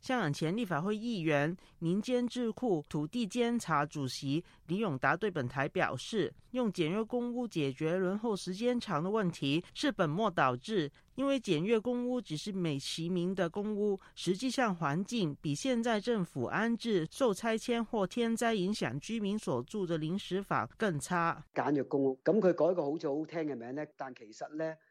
香港前立法會議員、民間智庫土地監察主席李永達對本台表示：“用簡約公屋解決輪候時間長的問題是本末倒置。因為簡約公屋只是美其名的公屋，實際上環境比現在政府安置受拆遷或天災影響居民所住的臨時房更差。簡約公屋，咁佢改個好似好好聽嘅名咧，但其實咧。”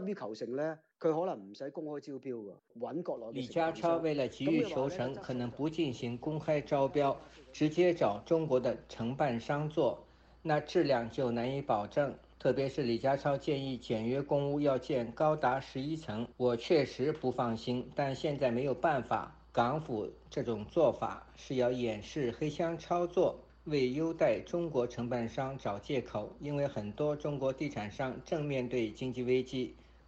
急於求成呢，佢可能唔使公開招標㗎，揾國內。李家超為了急於求成，可能不進行公開招標，直接找中國的承辦商做，那質量就難以保證。特別是李家超建議簡約公屋要建高達十一層，我確實不放心，但現在沒有辦法。港府這種做法是要掩飾黑箱操作，為優待中國承辦商找藉口，因為很多中國地產商正面對經濟危機。